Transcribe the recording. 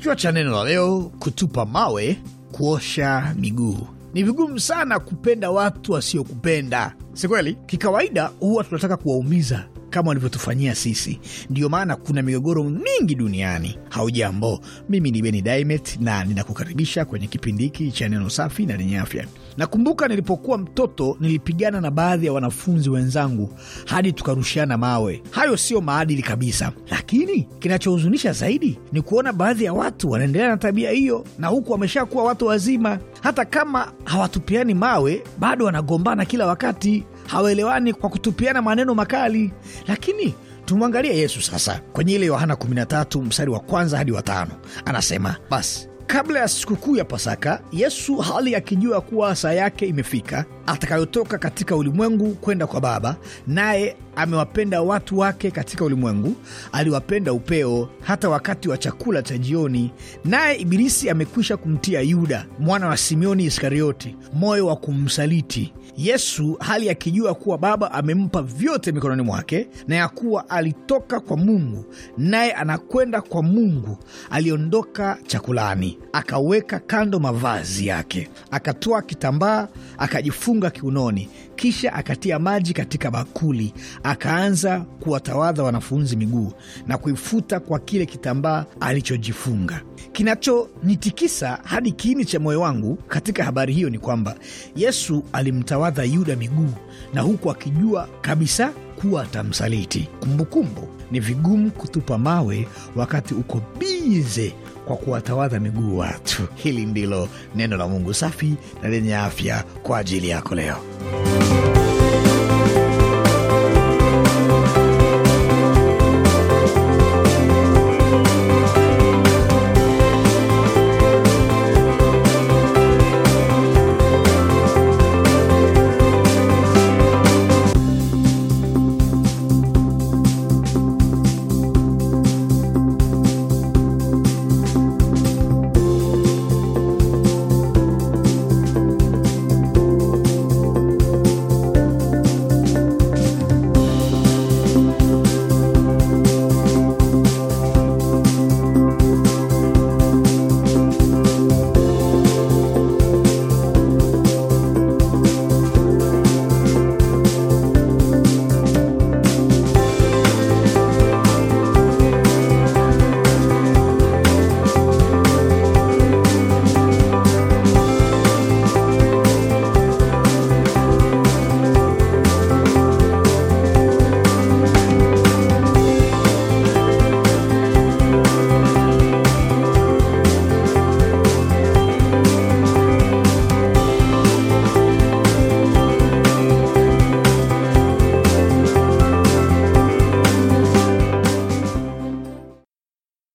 Kichwa cha neno la leo: kutupa mawe, kuosha miguu. Ni vigumu sana kupenda watu wasiokupenda, si kweli? Kikawaida huwa tunataka kuwaumiza, kama walivyotufanyia sisi. Ndiyo maana kuna migogoro mingi duniani. Haujambo, mimi ni Beni Dimet na ninakukaribisha kwenye kipindi hiki cha neno safi na lenye afya. Nakumbuka nilipokuwa mtoto nilipigana na baadhi ya wanafunzi wenzangu hadi tukarushiana mawe. Hayo siyo maadili kabisa, lakini kinachohuzunisha zaidi ni kuona baadhi ya watu wanaendelea na tabia hiyo, na huku wameshakuwa watu wazima. Hata kama hawatupiani mawe, bado wanagombana kila wakati hawaelewani kwa kutupiana maneno makali. Lakini tumwangalie Yesu sasa kwenye ile Yohana 13 mstari wa kwanza hadi wa tano, anasema basi kabla ya sikukuu ya Pasaka, Yesu hali akijua kuwa saa yake imefika atakayotoka katika ulimwengu kwenda kwa Baba, naye amewapenda watu wake katika ulimwengu. Aliwapenda upeo hata wakati wa chakula cha jioni. Naye Ibilisi amekwisha kumtia Yuda mwana wa simeoni Iskarioti moyo wa kumsaliti Yesu, hali akijua kuwa Baba amempa vyote mikononi mwake na ya kuwa alitoka kwa Mungu naye anakwenda kwa Mungu. Aliondoka chakulani, akaweka kando mavazi yake, akatoa kitambaa akajifunga akajifunga kiunoni, kisha akatia maji katika bakuli, akaanza kuwatawadha wanafunzi miguu na kuifuta kwa kile kitambaa alichojifunga. Kinachonitikisa hadi kiini cha moyo wangu katika habari hiyo ni kwamba Yesu alimtawadha Yuda miguu na huku akijua kabisa kuwa atamsaliti. Kumbukumbu, ni vigumu kutupa mawe wakati uko bize kwa kuwatawadha miguu watu. Hili ndilo neno la Mungu safi na lenye afya kwa ajili yako leo.